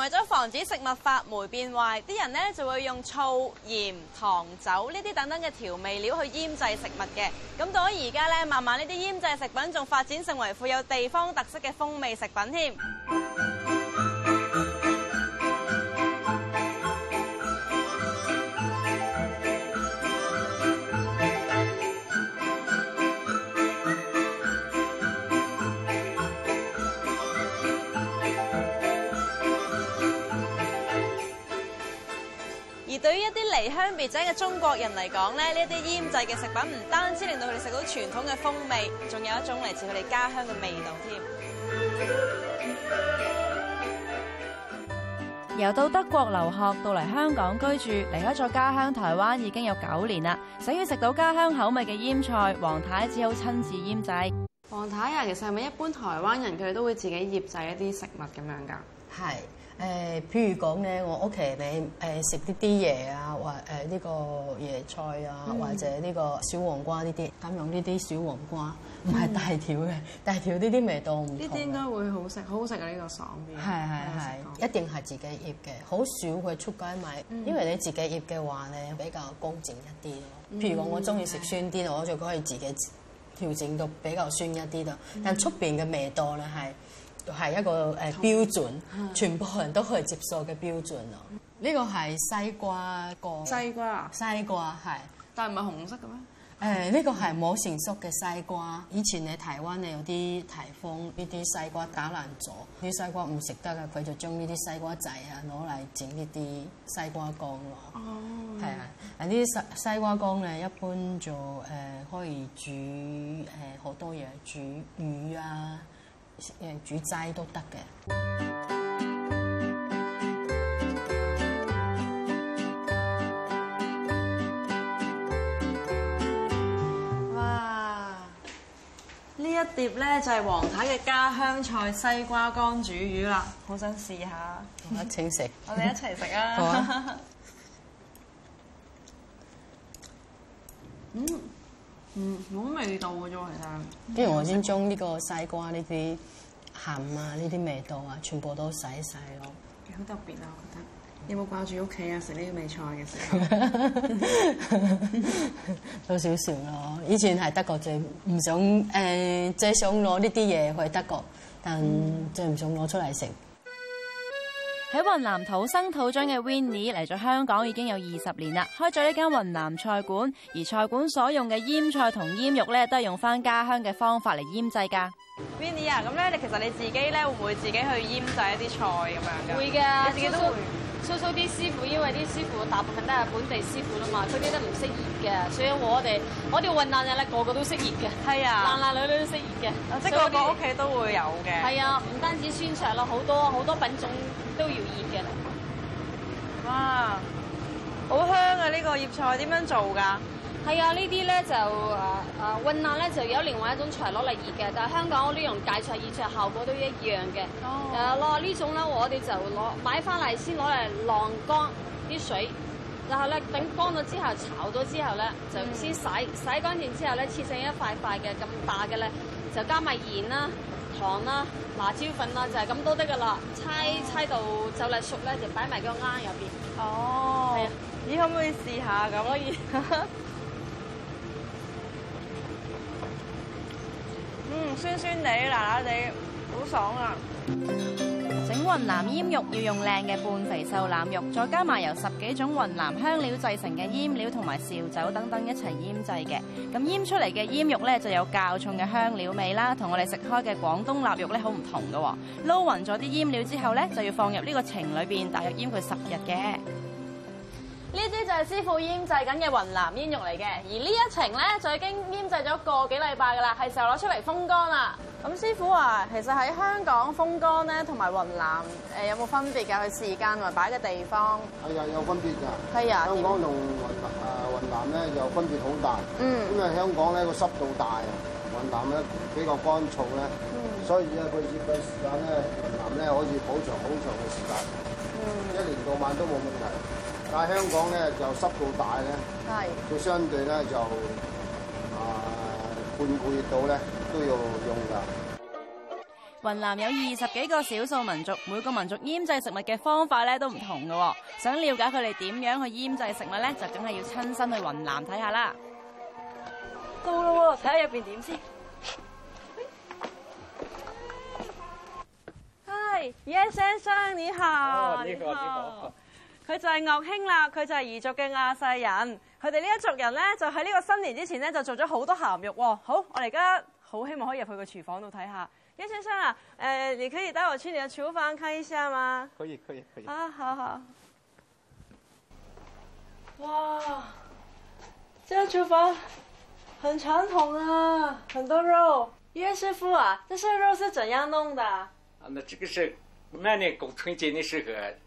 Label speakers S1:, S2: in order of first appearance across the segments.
S1: 為咗防止食物發霉變壞，啲人咧就會用醋、鹽、糖、酒呢啲等等嘅調味料去醃製食物嘅。咁到咗而家咧，慢慢呢啲醃製食品仲發展成為富有地方特色嘅風味食品添。對於一啲離鄉別井嘅中國人嚟講咧，呢啲醃製嘅食品唔單止令到佢哋食到傳統嘅風味，仲有一種嚟自佢哋家鄉嘅味道添。由到德國留學到嚟香港居住，離開咗家鄉台灣已經有九年啦。想要食到家鄉口味嘅醃菜，黃太只好親自醃製。黃太啊，其實係咪一般台灣人佢都會自己醃製一啲食物咁樣噶？
S2: 係。誒，譬如講咧，我屋企你誒食啲啲嘢啊，或誒呢個椰菜啊，或者呢個小黃瓜呢啲，咁用呢啲小黃瓜，唔係大條嘅，嗯、大條呢啲味道唔同。呢啲應該會好食，好好食啊。呢、呢個爽面，係係係，一定係自己醃嘅，好少會出街買，嗯、因為你自己醃嘅話咧比較乾淨一啲咯。譬如講我中意食酸啲，嗯、我就可以自己調整到比較酸一啲度，嗯、但出邊嘅味道咧係。係一個誒標準，啊、全部人都可以接受嘅標準咯。呢、啊、個係西瓜乾，西瓜西瓜係，是但係唔係紅色嘅咩？誒，呢、這個係冇成熟嘅西瓜。以前咧，台灣咧有啲颱風，呢啲西瓜打爛咗，啲西瓜唔食得嘅，佢就將呢啲西瓜仔啊攞嚟整呢啲西瓜乾咯。哦、嗯，係啊、
S3: 嗯，
S2: 嗱呢啲西西瓜乾咧，一般做誒可以煮誒好多嘢，煮魚啊。煮齋都得嘅。
S3: 哇！
S1: 呢一碟咧就係黃太嘅家鄉菜——西瓜乾煮魚啦，好想試下。
S2: 請吃我哋一齊食，我哋一齊食啊！ 嗯，冇味道嘅啫，其實、嗯。跟住我先將呢個西瓜呢啲鹹啊，呢啲味道啊，全部都洗晒咯。好特別啊！我覺得。嗯、
S1: 有冇掛住屋企啊？食呢啲味
S2: 菜嘅時候。都少少咯，以前喺德國最唔想誒、呃，最想攞呢啲嘢去德國，但最唔想攞出嚟食。
S1: 喺雲南土生土長嘅 Winnie 嚟咗香港已經有二十年啦，開咗一間雲南菜館，而菜館所用嘅醃菜同醃肉咧，都係用翻家鄉嘅方法嚟醃製噶。Winnie 啊，咁咧你其實你自己咧會唔會自己去醃製一啲菜咁樣噶？會噶的，你自己都蘇蘇啲師傅，因為啲師傅大部分都係本地師傅啦嘛，佢哋都唔識醃嘅，所以我哋我哋雲南人咧個個都識醃嘅，係啊，男男女女都識醃
S3: 嘅，即係個個屋企都會有嘅。
S1: 係以啊，唔單止酸菜咯，好多好多品種都要醃嘅。哇，好香啊！呢、這個醃菜點樣做㗎？係啊，這些呢啲咧就誒誒，雲南咧就有另外一種材料嚟熱嘅，但係香港我呢樣芥菜熱菜效果都一樣嘅。哦。誒攞、啊、呢種啦，我哋就攞買翻嚟先攞嚟晾乾啲水，然後咧等乾咗之後炒咗之後咧，就先洗、嗯、洗乾淨之後咧，切成一塊塊嘅咁大嘅咧，就加埋鹽啦、糖啦、啊、辣椒粉啦、啊，就係咁都得噶啦。猜猜、哦、到走嚟熟咧，就擺埋個罌入邊。哦。係啊，你可唔可以試下？咁可以。 酸酸地、辣辣地，好爽啊！整雲南腌肉要用靚嘅半肥瘦腩肉，再加埋由十幾種雲南香料製成嘅腌料同埋紹酒等等一齊腌製嘅。咁腌出嚟嘅腌肉呢，就有較重嘅香料味啦，同我哋食開嘅廣東臘肉呢，好唔同嘅。撈勻咗啲腌料之後呢，就要放入呢個埕裏邊，大約腌佢十日嘅。呢啲就係師傅腌製緊嘅雲南煙肉嚟嘅，而呢一程咧就已經腌製咗個幾禮拜噶啦，係時候攞出嚟風乾啦。咁師傅話，其實喺香港風乾咧，同埋雲南誒有冇分別㗎？佢時間同埋擺嘅地方。
S4: 係啊，有分別㗎。係啊。香港同雲南啊，雲南咧又分別好大。嗯。因為，香港咧個濕度大，雲南咧比較乾燥咧，嗯、所以咧佢醃嘅時間咧，雲南咧可以好長好長嘅時間，嗯、一年到晚都冇問題。但香港咧就濕度大咧，佢是相對咧就啊半個月到咧都要用
S3: 噶。
S1: 雲南有二十幾個少數民族，每個民族醃製食物嘅方法咧都唔同嘅。想了解佢哋點樣去醃製食物咧，就梗係要親身去雲南睇下啦。到啦喎，睇下入邊點先。嗨，葉先生你好。Hi, yes，你好哦，呢好佢就係岳興啦，佢就係彝族嘅亞細人，佢哋呢一族人咧就喺呢個新年之前咧就做咗好多鹹肉、哦。好，我哋而家好希望可以入去個廚房度睇下。岳先生啊，誒、呃，你可以帶我去你嘅廚房看一下嗎？可以，
S3: 可以，可以。啊，
S1: 好好。嗯、哇，呢個廚房很傳統啊，很多肉。岳師傅啊，呢個肉是怎樣弄的？
S5: 啊，那這個是每年過春節嘅時候。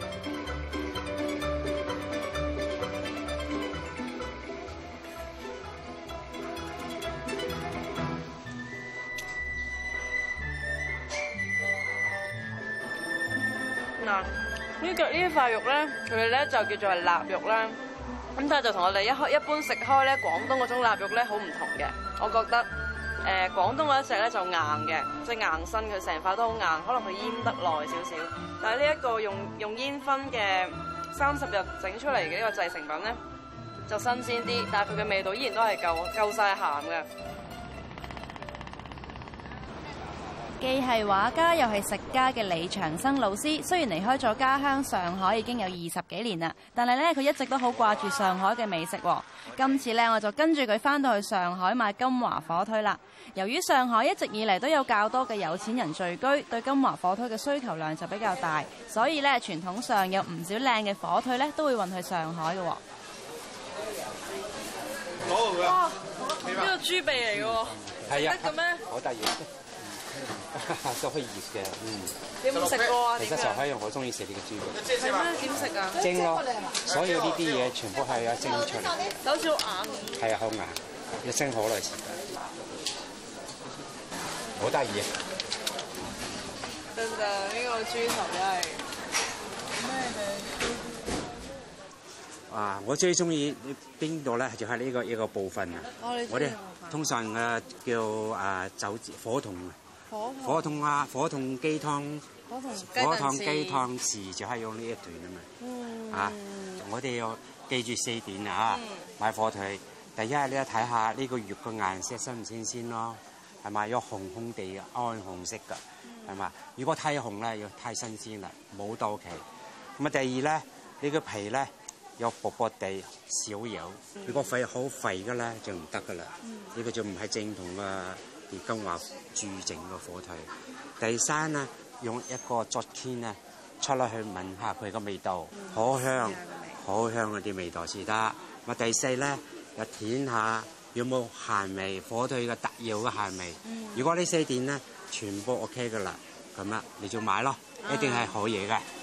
S1: 呢一塊肉咧，佢咧就叫做係臘肉啦。咁但係就同我哋一開一般食開咧廣東嗰種臘肉咧好唔同嘅。我覺得誒廣東嗰隻咧就硬嘅，即係硬身，佢成塊都好硬，可能佢醃得耐少少。但係呢一個用用煙熏嘅三十日整出嚟嘅呢個製成品咧，就新鮮啲，但係佢嘅味道依然都係夠夠晒鹹嘅。既係畫家又係食家嘅李長生老師，雖然離開咗家鄉上海已經有二十幾年啦，但係咧佢一直都好掛住上海嘅美食。的今次咧我就跟住佢翻到去上海買金華火腿啦。由於上海一直以嚟都有較多嘅有錢人聚居，對金華火腿嘅需求量就比較大，所以咧傳統上有唔少靚嘅火腿咧都會運去上海嘅。哇，呢
S5: 個
S1: 豬鼻嚟嘅係啊？的得嘅咩？
S5: 好得意。 都係熱嘅，嗯。你有
S1: 冇食過啊？其實陳海
S5: 勇好中意食呢個豬腳。係
S1: 咩？點食啊？蒸咯過，蒸所有呢啲
S5: 嘢全部係啊蒸出嚟。手
S1: 少硬？
S5: 係啊，好硬，要蒸好耐時間。好得意啊！呢個豬
S1: 頭係
S5: 咩嚟？啊，我最中意你邊度咧？就係、是、呢、呢個一、呢個部分、哦、個啊！我哋通常嘅叫啊肘火同。火腿啊，火腿雞湯，
S3: 火腿雞湯
S5: 時就係用呢一段啊
S3: 嘛。嚇，我哋
S5: 要記住四點啊。嗯、買火腿，第一咧睇下呢個肉嘅顏色新唔新鮮咯，係咪？要紅紅地、暗紅色嘅，係嘛、嗯？如果太紅咧，要太新鮮啦，冇到期。咁啊，第二咧，呢、這個皮咧要薄薄地、少油。嗯、如果肥好肥嘅咧，就唔得嘅啦。呢、嗯、個就唔係正統嘅。而金華注整嘅火腿，第三咧用一個竹籤咧出嚟去聞下佢嘅味道，好、嗯、香好、嗯、香嗰啲味道是得。咪、嗯、第四咧又舔下有冇鹹味，火腿嘅特有嘅鹹味。嗯、如果呢四點咧全部 OK 嘅啦，咁啦你就買咯，一定係好嘢嘅。嗯嗯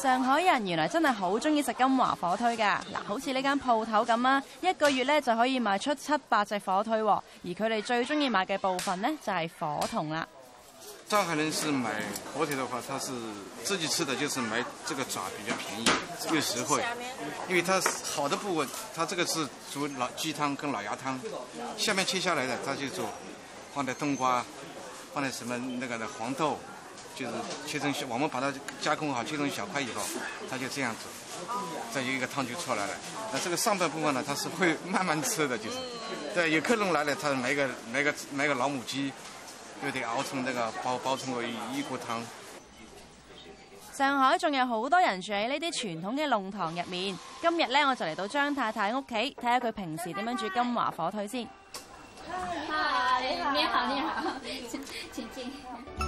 S1: 上海人原來真係好中意食金華火腿㗎，嗱，好似呢間鋪頭咁啦，一個月呢就可以賣出七八隻火腿，而佢哋最中意買嘅部分呢，就係火筒啦。
S5: 上海人是買火腿的話，他是自己吃的，就是買這個爪比較便宜又實惠，嗯、因為它好的部分，它這個是煮老雞湯跟老鴨湯，下面切下來的，他就做放啲冬瓜，放啲什麼那個的黃豆。就是切成小，我們把它加工好，切成小塊以後，它就這樣子，再有一個湯就出來了。那這個上半部分呢，它是會慢慢吃的，就是。對，有客人來了，他買個買個買個老母雞，就得熬成那個煲煲成一個一鍋湯。
S1: 上海仲有好多人住喺呢啲傳統嘅弄堂入面。今日呢，我就嚟到張太太屋企，睇下佢平時點樣煮金華火腿先。嗨，你
S3: 好，你好，你好，請請進。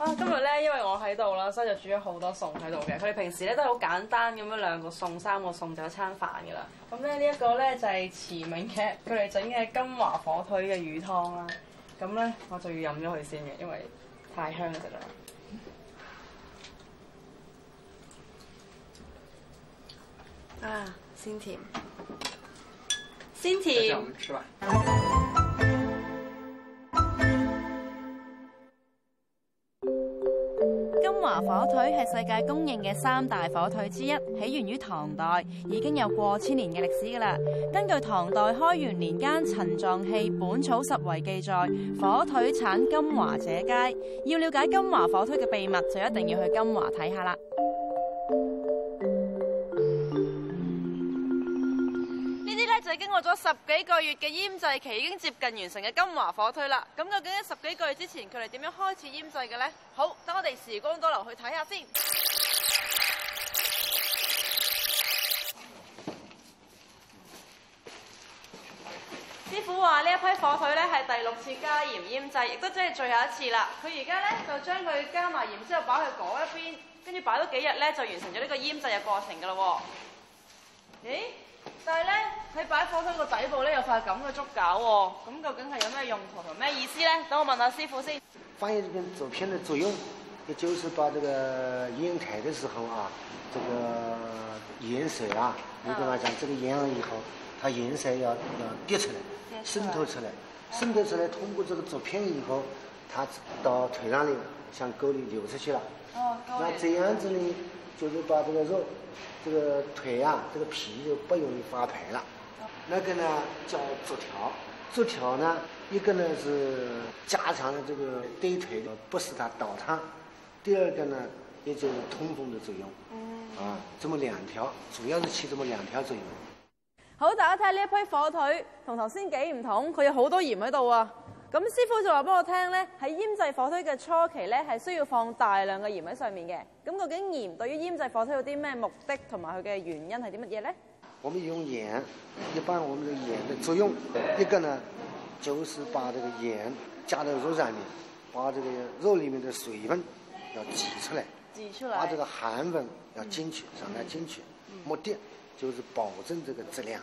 S1: 啊，今日咧，因為我喺度啦，所以就煮咗好多餸喺度嘅。佢哋平時咧都係好簡單咁樣兩個餸三個餸就一餐飯嘅啦。咁咧呢一個咧就係、是、慈明馳名嘅佢哋整嘅金華火腿嘅魚湯啦。咁咧我就要飲咗佢先嘅，因為太香食啦。啊，鮮甜，鮮甜。.金華火腿係世界公認嘅三大火腿之一，起源於唐代，已經有過千年嘅歷史噶啦。根據唐代開元年間陳藏器《本草拾遺》記載，火腿產金華者佳。要了解金華火腿嘅秘密，就一定要去金華睇下啦。過咗十幾個月嘅醃製期已經接近完成嘅金華火腿啦，咁究竟喺十幾個月之前佢哋點樣開始醃製嘅呢？好，等我哋時光倒流去睇下先。師傅話呢一批火腿呢係第六次加鹽醃製，亦都即係最後一次啦。佢而家呢，就將佢加埋鹽之後擺去嗰一邊，跟住擺多幾日呢，就完成咗呢個醃製嘅過程噶啦。咦？但是呢喺擺
S4: 放區個底部呢有塊咁嘅竹膠喎，咁究竟係有咩用途同咩意思呢？等我問下師傅先。翻譯竹片的作用，也就是把這個醃菜的時候啊，這個鹽水啊，嗯、你跟啊，講這，這個醃了以後，它鹽水要要滴出來，滲、嗯、透出來，滲、嗯、透，透出來，通過這個竹片以後，它到腿上裏向溝裏流出去
S3: 了。哦，那這樣子
S4: 呢，就是把這個肉。這個腿啊，這個皮就不容易發白
S3: 了。
S4: 那個呢叫竹條，竹條呢一個呢是加長了這個堆腿，不使它倒塌；第二個呢也就是通風的作用。嗯、啊，這麼兩條，主要是起這麼兩條作用。
S1: 好，大家睇下呢一批火腿同頭先幾唔同，佢有好多鹽喺度啊。咁師傅就話俾我聽咧，喺醃製火腿嘅初期咧，係需要放大量嘅鹽喺上面嘅。咁究竟鹽對於醃製火腿有啲咩目的同埋佢嘅原因係啲乜嘢咧？
S4: 我們用鹽，一般我哋嘅鹽嘅作用，一個呢，就是把這個鹽加到肉上面，把這個肉裡面嘅水分要擠出來，擠出來，把這個鹹分要進去，讓佢進去。嗯嗯、目的就是保證這個質量。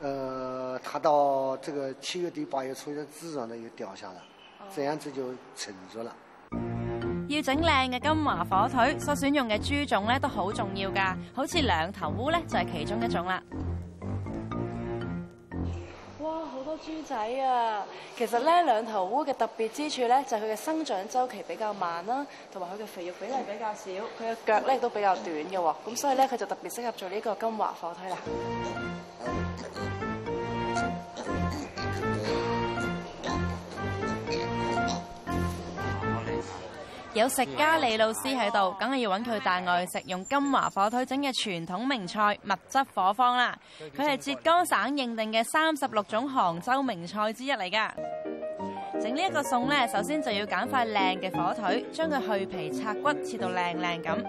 S4: 呃，它到這個七月底八月初，就自然地，又掉下來，oh. 這樣子就成熟了。
S1: 要整靚嘅金華火腿所選用嘅豬種咧，都好重要噶，好似兩頭烏咧就係其中一種啦。
S3: 哇，好多豬
S1: 仔啊！其實咧，兩頭烏嘅特別之處咧，就係佢嘅生長周期比較慢啦，同埋佢嘅肥肉比例比較少，佢嘅腳咧亦都比較短嘅，咁所以咧佢就特別適合做呢個金華火腿啦。有食家李老師喺度，梗係要揾佢帶我去食用金華火腿整嘅傳統名菜蜜汁火方啦！佢係浙江省認定嘅三十六種杭州名菜之一嚟㗎。整呢一個餸咧，首先就要揀塊靚嘅火腿，將佢去皮、拆骨、切到靚靚咁，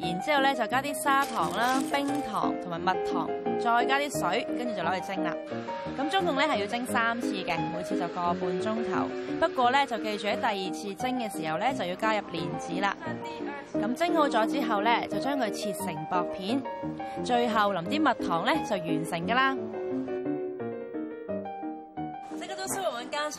S1: 然之後咧就加啲砂糖啦、冰糖同埋蜜糖，再加啲水，跟住就攞去蒸啦。咁總共咧係要蒸三次嘅，每次就個半鐘頭。不過咧就記住喺第二次蒸嘅時候咧就要加入蓮子啦。咁蒸好咗之後咧就將佢切成薄片，最後淋啲蜜糖咧就完成噶啦。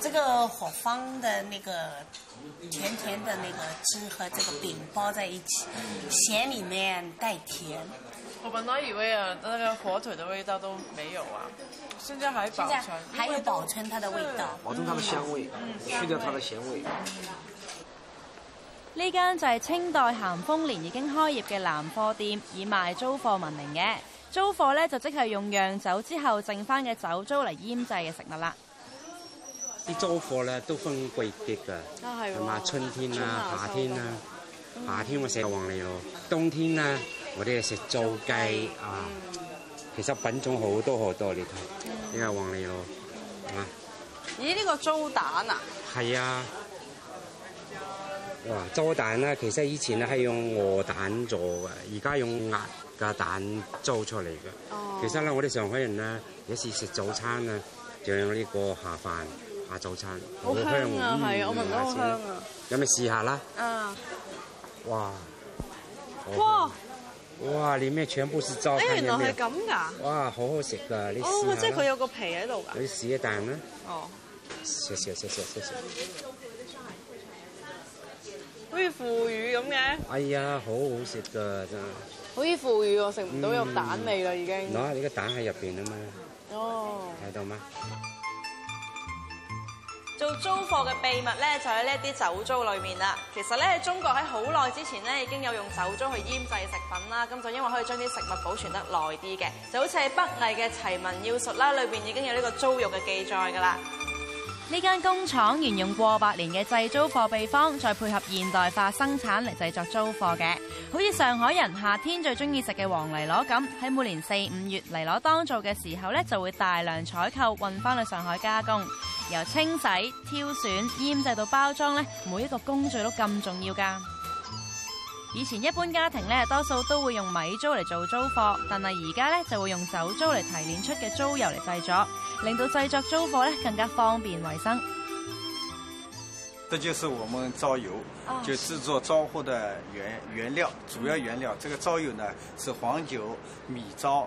S1: 這個火方的那個甜甜的那個汁和這個餅包在一起，鹹裏面帶甜。我本來以為啊，那個火腿的味道都沒有啊，
S5: 現在還保，
S1: 現在還有保存它的味道，
S4: 保存它的香味，去掉它
S3: 的鹹味。
S1: 呢間味就係清代咸豐年已經開業嘅南貨店，以賣糟貨聞名嘅，糟貨呢，就即係用釀酒之後剩翻嘅酒糟嚟醃製嘅食物啦。
S5: 啲糟貨咧都分季節㗎，係嘛、啊啊？春天啦、啊，夏天啦、啊，夏天我食黃泥螺，冬天啦、啊、我哋食糟雞啊。其實品種好多好多，你睇呢個黃泥螺啊。嗯、啊
S1: 咦？呢、這個糟蛋啊？
S5: 係啊。哇！糟蛋咧、啊，其實以前咧係用鵝蛋做嘅，而家用鴨嘅蛋做出嚟嘅。
S3: 嗯、其實
S5: 咧，我哋上海人咧，有時食早餐啊，就用呢個下飯。下早餐好香啊，係啊，我聞到
S3: 好香啊，
S5: 有咪試下啦？啊！哇！哇！哇！裏面全部是早餐哎，原來係咁噶！哇，好好食噶，你試哦，即係佢有個皮喺度㗎。你試一啖啦。哦。食食食食
S1: 好似
S3: 腐乳咁
S1: 嘅。
S5: 哎呀，好好食㗎，真係。好
S1: 似腐乳喎，食唔到有蛋味啦，已經。攞下
S5: 你個蛋喺入邊啊嘛。
S1: 哦。睇到咩？租貨嘅秘密咧就喺呢啲酒糟裏面啦。其實咧，中國喺好耐之前咧已經有用酒糟去醃製食品啦。咁就因為可以將啲食物保存得耐啲嘅，就好似喺北魏嘅《齊民要術》啦，裏邊已經有呢個糟肉嘅記載噶啦。呢間工廠沿用過百年嘅製糟貨秘方，再配合現代化生產嚟製作糟貨嘅，好似上海人夏天最中意食嘅黃泥螺咁，喺每年四五月泥螺當造嘅時候咧，就會大量採購運翻去上海加工。由清洗、挑選、醃製到包裝呢，每一個工序都咁重要㗎。以前一般家庭呢，多數都會用米糟嚟做糟貨，但係而家呢就會用酒糟嚟提煉出嘅糟油嚟製作，令到製作糟貨呢更加方便衞生。
S4: 這就是我們糟油，就製作糟貨的原原料，主要原料。這個糟油呢，是黃酒、米糟。